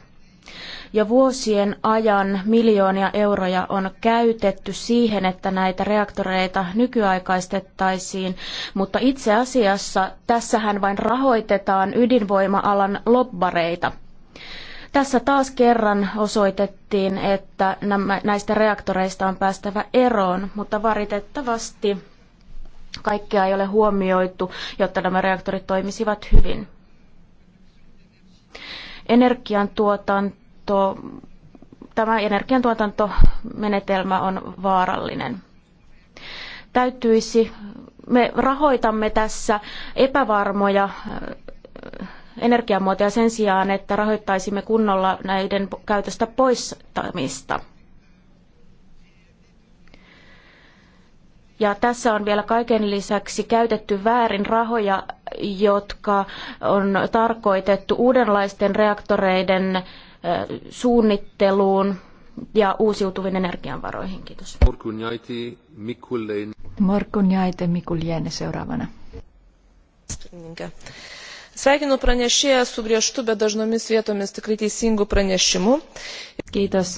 Ja vuosien ajan miljoonia euroja on käytetty siihen, että näitä reaktoreita nykyaikaistettaisiin, mutta itse asiassa tässähän vain rahoitetaan ydinvoima-alan lobbareita. Tässä taas kerran osoitettiin, että näistä reaktoreista on päästävä eroon, mutta varitettavasti Kaikkea ei ole huomioitu, jotta nämä reaktorit toimisivat hyvin. Energiantuotanto, tämä energiantuotantomenetelmä on vaarallinen. Täytyisi, me rahoitamme tässä epävarmoja äh, energiamuotoja sen sijaan, että rahoittaisimme kunnolla näiden käytöstä poistamista. Ja tässä on vielä kaiken lisäksi käytetty väärin rahoja, jotka on tarkoitettu uudenlaisten reaktoreiden suunnitteluun ja uusiutuvien energianvaroihin. Kiitos. Morkunjaite Mikuljene seuraavana. Sveikinu pranešėją su griežtu, bet dažnomis vietomis tikrai teisingu pranešimu. Kiitos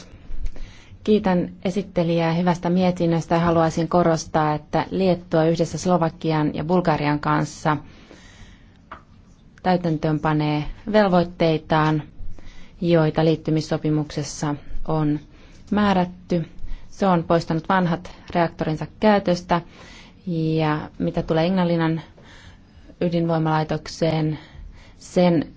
Kiitän esittelijää hyvästä mietinnöstä ja haluaisin korostaa, että Liettua yhdessä Slovakian ja Bulgarian kanssa täytäntöönpanee velvoitteitaan, joita liittymissopimuksessa on määrätty. Se on poistanut vanhat reaktorinsa käytöstä ja mitä tulee Ignalinan ydinvoimalaitokseen, sen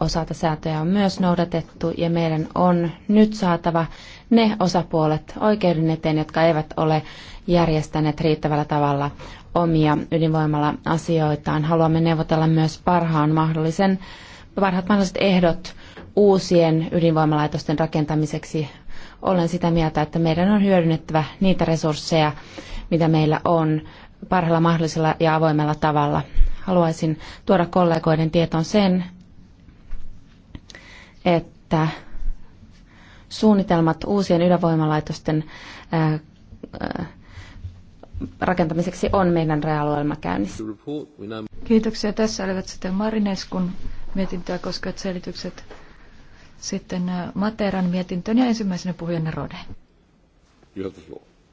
osalta säätöjä on myös noudatettu ja meidän on nyt saatava ne osapuolet oikeuden eteen, jotka eivät ole järjestäneet riittävällä tavalla omia ydinvoimalla asioitaan. Haluamme neuvotella myös parhaan mahdollisen, parhaat mahdolliset ehdot uusien ydinvoimalaitosten rakentamiseksi. Olen sitä mieltä, että meidän on hyödynnettävä niitä resursseja, mitä meillä on parhaalla mahdollisella ja avoimella tavalla. Haluaisin tuoda kollegoiden tietoon sen, että suunnitelmat uusien ydinvoimalaitosten rakentamiseksi on meidän reaalialueella käynnissä. Kiitoksia. Tässä olivat sitten Marineskun mietintöä koskevat selitykset. Sitten Materan mietintöön ja ensimmäisenä puhujana Rode.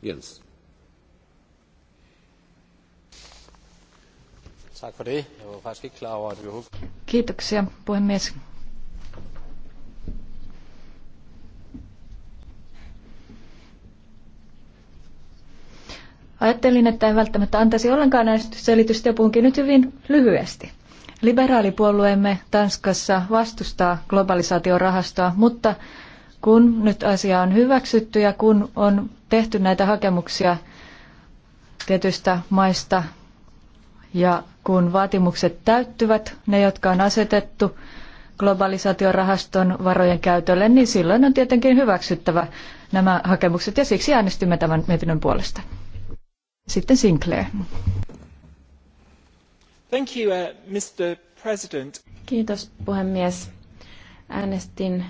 Jens. Kiitoksia puhemies. Ajattelin, että en välttämättä antaisi ollenkaan äänestysselitystä ja puhunkin nyt hyvin lyhyesti. Liberaalipuolueemme Tanskassa vastustaa globalisaatiorahastoa, mutta kun nyt asia on hyväksytty ja kun on tehty näitä hakemuksia tietyistä maista ja kun vaatimukset täyttyvät, ne jotka on asetettu globalisaatiorahaston varojen käytölle, niin silloin on tietenkin hyväksyttävä nämä hakemukset ja siksi äänestimme tämän mietinnön puolesta. Sitten Sinclair. Thank you, uh, Mr. President. Kiitos puhemies. Äänestin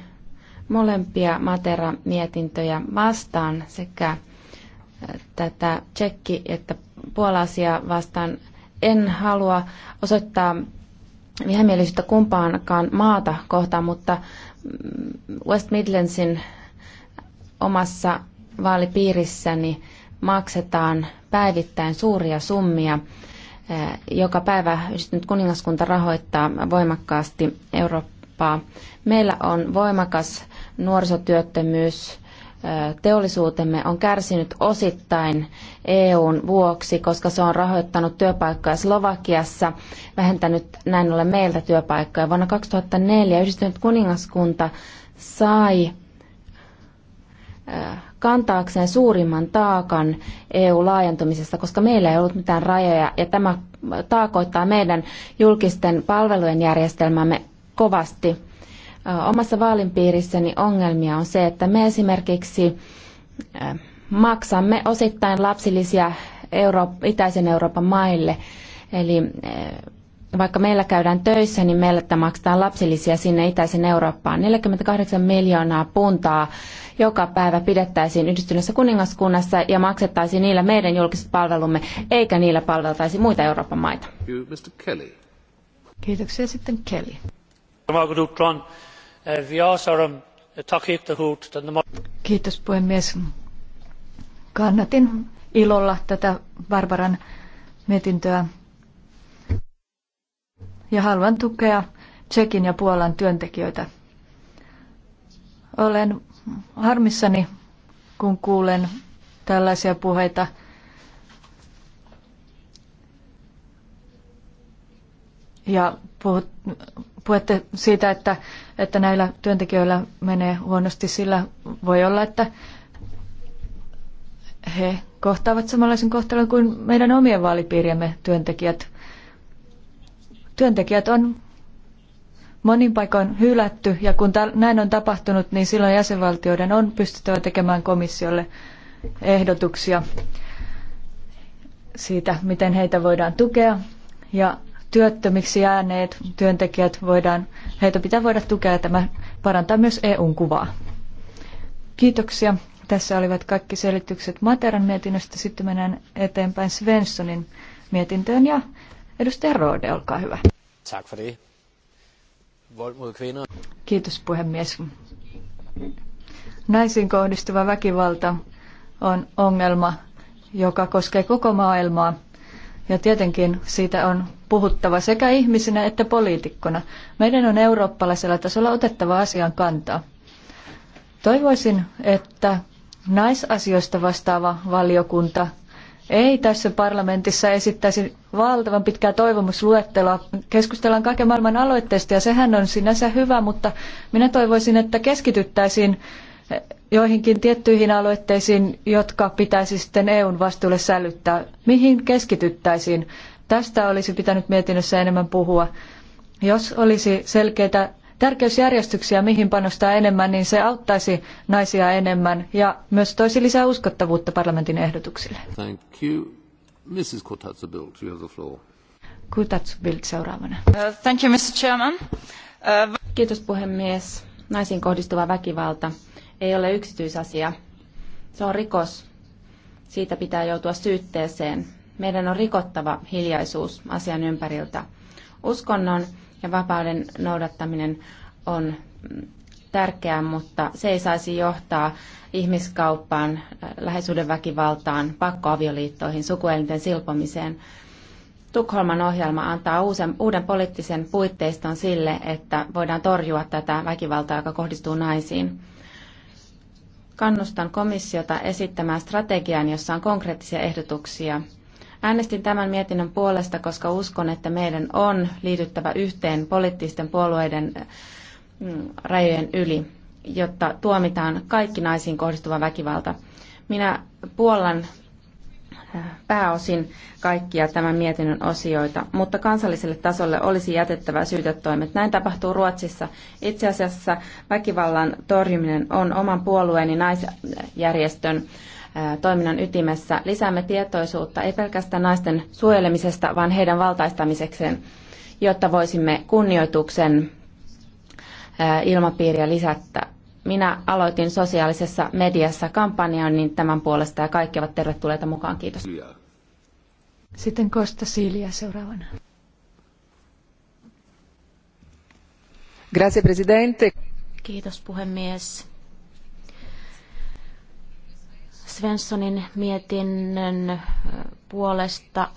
molempia Matera-mietintöjä vastaan sekä uh, tätä tsekki- että puolaisia vastaan. En halua osoittaa vihamielisyyttä kumpaankaan maata kohtaan, mutta mm, West Midlandsin omassa vaalipiirissäni maksetaan päivittäin suuria summia. Joka päivä nyt kuningaskunta rahoittaa voimakkaasti Eurooppaa. Meillä on voimakas nuorisotyöttömyys, teollisuutemme on kärsinyt osittain EUn vuoksi, koska se on rahoittanut työpaikkoja Slovakiassa, vähentänyt näin ollen meiltä työpaikkoja. Vuonna 2004 yhdistynyt kuningaskunta sai kantaakseen suurimman taakan EU-laajentumisesta, koska meillä ei ollut mitään rajoja ja tämä taakoittaa meidän julkisten palvelujen järjestelmämme kovasti. Omassa vaalinpiirissäni ongelmia on se, että me esimerkiksi maksamme osittain lapsilisiä itäisen Euroopan maille, eli vaikka meillä käydään töissä, niin meillä tämä maksetaan lapsilisiä sinne itäisen Eurooppaan. 48 miljoonaa puntaa joka päivä pidettäisiin yhdistyneessä kuningaskunnassa ja maksettaisiin niillä meidän julkiset palvelumme, eikä niillä palveltaisi muita Euroopan maita. Kiitoksia sitten Kelly. Kiitos puhemies. Kannatin ilolla tätä Barbaran mietintöä ja haluan tukea Tsekin ja Puolan työntekijöitä. Olen harmissani, kun kuulen tällaisia puheita. Ja puhut, puhutte siitä, että, että näillä työntekijöillä menee huonosti, sillä voi olla, että he kohtaavat samanlaisen kohtelun kuin meidän omien vaalipiiriemme työntekijät. Työntekijät on monin paikoin hylätty ja kun näin on tapahtunut, niin silloin jäsenvaltioiden on pystyttävä tekemään komissiolle ehdotuksia siitä, miten heitä voidaan tukea ja työttömiksi jääneet työntekijät voidaan, heitä pitää voida tukea ja tämä parantaa myös EUn kuvaa. Kiitoksia. Tässä olivat kaikki selitykset Materan mietinnöstä. Sitten mennään eteenpäin Svenssonin mietintöön ja Edustaja Rode, olkaa hyvä. Tack för det. Kiitos puhemies. Naisiin kohdistuva väkivalta on ongelma, joka koskee koko maailmaa. Ja tietenkin siitä on puhuttava sekä ihmisinä että poliitikkona. Meidän on eurooppalaisella tasolla otettava asian kantaa. Toivoisin, että naisasioista vastaava valiokunta ei tässä parlamentissa esittäisi valtavan pitkää toivomusluetteloa. Keskustellaan kaiken maailman aloitteista ja sehän on sinänsä hyvä, mutta minä toivoisin, että keskityttäisiin joihinkin tiettyihin aloitteisiin, jotka pitäisi sitten EUn vastuulle sälyttää. Mihin keskityttäisiin? Tästä olisi pitänyt mietinnössä enemmän puhua. Jos olisi selkeitä tärkeysjärjestyksiä, mihin panostaa enemmän, niin se auttaisi naisia enemmän ja myös toisi lisää uskottavuutta parlamentin ehdotuksille. Thank you. Mrs. Kotatsubilt, you have the floor. Kotatsubilt seuraavana. Uh, thank you, Mr. Chairman. Uh, Kiitos puhemies. Naisiin kohdistuva väkivalta ei ole yksityisasia. Se on rikos. Siitä pitää joutua syytteeseen. Meidän on rikottava hiljaisuus asian ympäriltä. Uskonnon ja vapauden noudattaminen on tärkeää, mutta se ei saisi johtaa ihmiskauppaan, väkivaltaan pakkoavioliittoihin, sukuelinten silpomiseen. Tukholman ohjelma antaa uusen, uuden poliittisen puitteiston sille, että voidaan torjua tätä väkivaltaa, joka kohdistuu naisiin. Kannustan komissiota esittämään strategian, jossa on konkreettisia ehdotuksia – Äänestin tämän mietinnön puolesta, koska uskon, että meidän on liityttävä yhteen poliittisten puolueiden mm, rajojen yli, jotta tuomitaan kaikki naisiin kohdistuva väkivalta. Minä puollan äh, pääosin kaikkia tämän mietinnön osioita, mutta kansalliselle tasolle olisi jätettävä syytetoimet. Näin tapahtuu Ruotsissa. Itse asiassa väkivallan torjuminen on oman puolueeni naisjärjestön äh, toiminnan ytimessä. Lisäämme tietoisuutta ei pelkästään naisten suojelemisesta, vaan heidän valtaistamisekseen, jotta voisimme kunnioituksen ilmapiiriä lisätä. Minä aloitin sosiaalisessa mediassa kampanjan, niin tämän puolesta ja kaikki ovat tervetulleita mukaan. Kiitos. Sitten Kosta Silja seuraavana. Grazie, presidente. Kiitos puhemies. Svenssonin mietinnön puolesta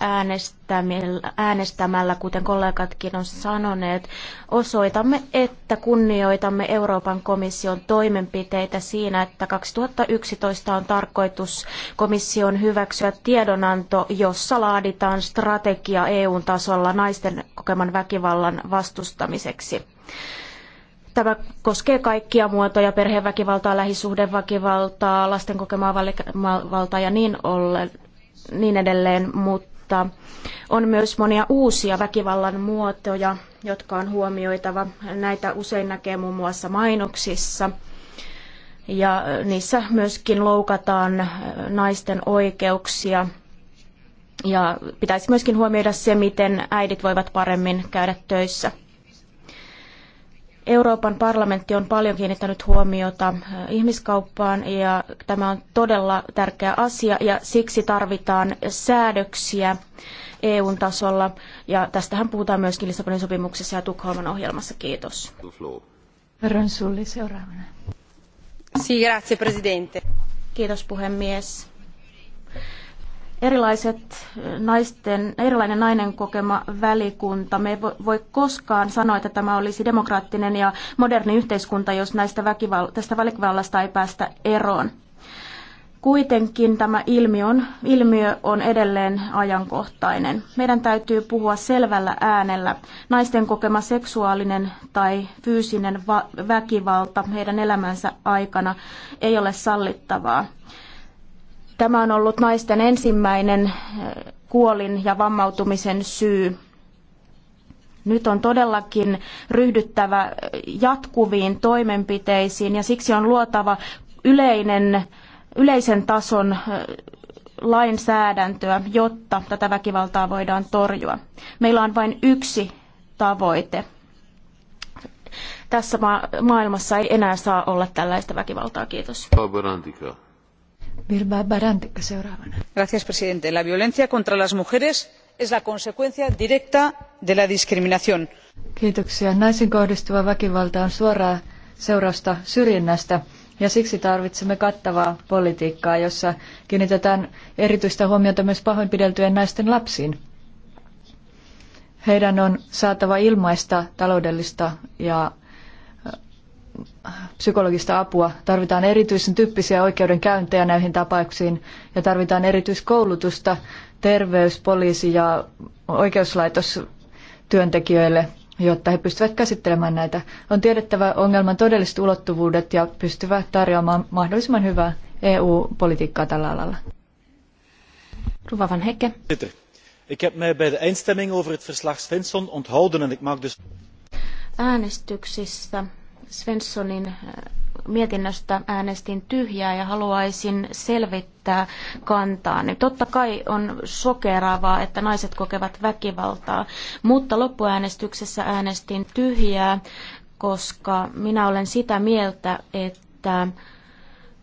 äänestämällä, kuten kollegatkin on sanoneet, osoitamme, että kunnioitamme Euroopan komission toimenpiteitä siinä, että 2011 on tarkoitus komission hyväksyä tiedonanto, jossa laaditaan strategia EUn tasolla naisten kokeman väkivallan vastustamiseksi. Tämä koskee kaikkia muotoja, perheväkivaltaa, lähisuhdeväkivaltaa, lasten kokemaa valtaa ja niin, olle, niin edelleen, mutta on myös monia uusia väkivallan muotoja, jotka on huomioitava. Näitä usein näkee muun muassa mainoksissa ja niissä myöskin loukataan naisten oikeuksia. Ja pitäisi myöskin huomioida se, miten äidit voivat paremmin käydä töissä. Euroopan parlamentti on paljon kiinnittänyt huomiota äh, ihmiskauppaan ja tämä on todella tärkeä asia ja siksi tarvitaan säädöksiä EUn tasolla ja tästähän puhutaan myöskin Lissabonin sopimuksessa ja Tukholman ohjelmassa. Kiitos. Ronsulli seuraavana. Si, grazie, presidente. Kiitos puhemies erilaiset eh, naisten, erilainen nainen kokema välikunta. Me ei voi koskaan sanoa, että tämä olisi demokraattinen ja moderni yhteiskunta, jos näistä väkival- tästä väkivallasta ei päästä eroon. Kuitenkin tämä ilmiö on, ilmiö on edelleen ajankohtainen. Meidän täytyy puhua selvällä äänellä. Naisten kokema seksuaalinen tai fyysinen väkivalta heidän elämänsä aikana ei ole sallittavaa. Tämä on ollut naisten ensimmäinen äh, kuolin ja vammautumisen syy. Nyt on todellakin ryhdyttävä äh, jatkuviin toimenpiteisiin ja siksi on luotava yleinen, yleisen tason äh, lainsäädäntöä, jotta tätä väkivaltaa voidaan torjua. Meillä on vain yksi tavoite. Tässä maailmassa ei enää saa olla tällaista väkivaltaa. Kiitos señor presidente. La violencia contra las mujeres es la consecuencia directa de la discriminación. Kiitoksia. Naisiin kohdistuva väkivalta on suoraa seurausta syrjinnästä ja siksi tarvitsemme kattavaa politiikkaa, jossa kiinnitetään erityistä huomiota myös pahoinpideltyjen naisten lapsiin. Heidän on saatava ilmaista taloudellista ja psykologista apua. Tarvitaan erityisen tyyppisiä oikeudenkäyntejä näihin tapauksiin ja tarvitaan erityiskoulutusta terveys, poliisi ja oikeuslaitostyöntekijöille, jotta he pystyvät käsittelemään näitä. On tiedettävä ongelman todelliset ulottuvuudet ja pystyvät tarjoamaan mahdollisimman hyvää EU-politiikkaa tällä alalla. Ruvavan Hekke. Ik heb mij bij de eindstemming over het verslag Svensson onthouden en ik maak dus... Äänestyksissä Svenssonin äh, mietinnöstä äänestin tyhjää ja haluaisin selvittää kantaa. Totta kai on sokeraavaa, että naiset kokevat väkivaltaa, mutta loppuäänestyksessä äänestin tyhjää, koska minä olen sitä mieltä, että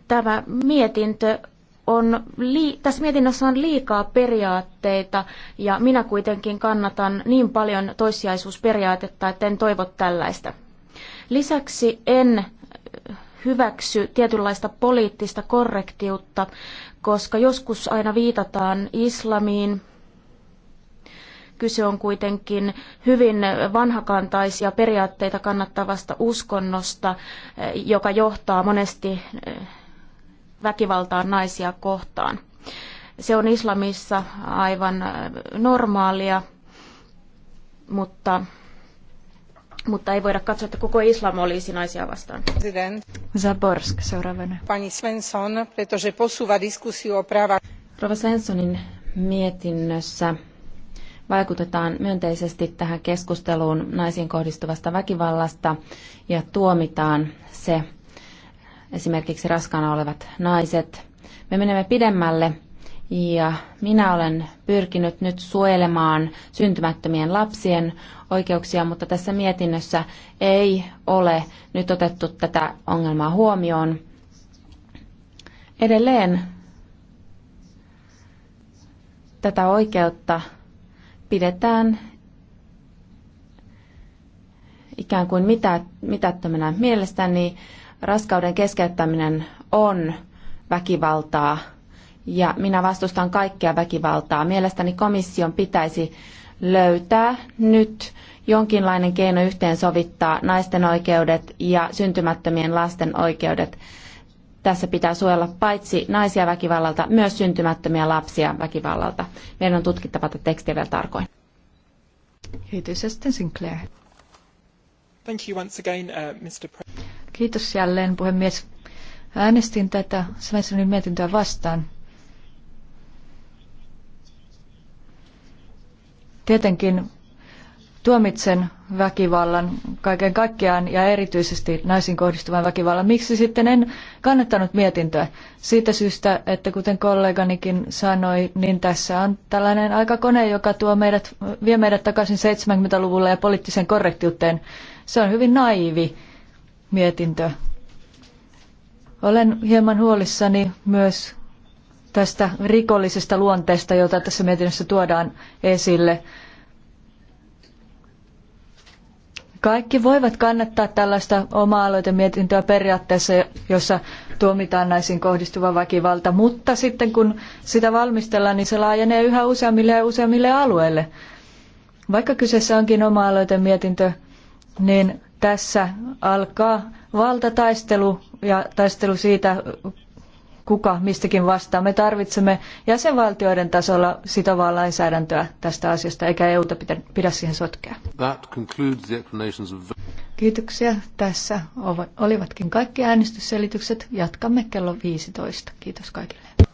tämä mietintö on lii- tässä mietinnössä on liikaa periaatteita ja minä kuitenkin kannatan niin paljon toissijaisuusperiaatetta, että en toivo tällaista. Lisäksi en hyväksy tietynlaista poliittista korrektiutta, koska joskus aina viitataan islamiin. Kyse on kuitenkin hyvin vanhakantaisia periaatteita kannattavasta uskonnosta, joka johtaa monesti eh, väkivaltaan naisia kohtaan. Se on islamissa aivan normaalia, mutta mutta ei voida katsoa, että koko islam olisi naisia vastaan. President. Zaborsk seuraavana. Pani Svensson, pretože posúva diskusiu o Rova Svenssonin mietinnössä vaikutetaan myönteisesti tähän keskusteluun naisiin kohdistuvasta väkivallasta ja tuomitaan se esimerkiksi raskaana olevat naiset. Me menemme pidemmälle ja minä olen pyrkinyt nyt suojelemaan syntymättömien lapsien oikeuksia, mutta tässä mietinnössä ei ole nyt otettu tätä ongelmaa huomioon. Edelleen tätä oikeutta pidetään ikään kuin mitä, mitättömänä. Mielestäni raskauden keskeyttäminen on väkivaltaa ja minä vastustan kaikkea väkivaltaa. Mielestäni komission pitäisi löytää nyt jonkinlainen keino yhteensovittaa naisten oikeudet ja syntymättömien lasten oikeudet. Tässä pitää suojella paitsi naisia väkivallalta, myös syntymättömiä lapsia väkivallalta. Meidän on tutkittava tätä tekstiä vielä tarkoin. Kiitos sitten Sinclair. Thank you once again, uh, Mr. Pre- Kiitos jälleen, puhemies. Äänestin tätä Svensonin mietintöä vastaan, Tietenkin tuomitsen väkivallan kaiken kaikkiaan ja erityisesti naisiin kohdistuvan väkivallan. Miksi sitten en kannattanut mietintöä? Siitä syystä, että kuten kolleganikin sanoi, niin tässä on tällainen aikakone, joka tuo meidät, vie meidät takaisin 70-luvulle ja poliittiseen korrektiuteen. Se on hyvin naivi mietintö. Olen hieman huolissani myös tästä rikollisesta luonteesta, jota tässä mietinnössä tuodaan esille. Kaikki voivat kannattaa tällaista oma-aloitemietintöä periaatteessa, jossa tuomitaan naisiin kohdistuva väkivalta, mutta sitten kun sitä valmistellaan, niin se laajenee yhä useammille ja useammille alueille. Vaikka kyseessä onkin oma-aloitemietintö, niin tässä alkaa valtataistelu ja taistelu siitä, kuka mistäkin vastaa. Me tarvitsemme jäsenvaltioiden tasolla sitovaa lainsäädäntöä tästä asiasta, eikä EUta pidä, pidä siihen sotkea. Kiitoksia. Tässä olivatkin kaikki äänestysselitykset. Jatkamme kello 15. Kiitos kaikille.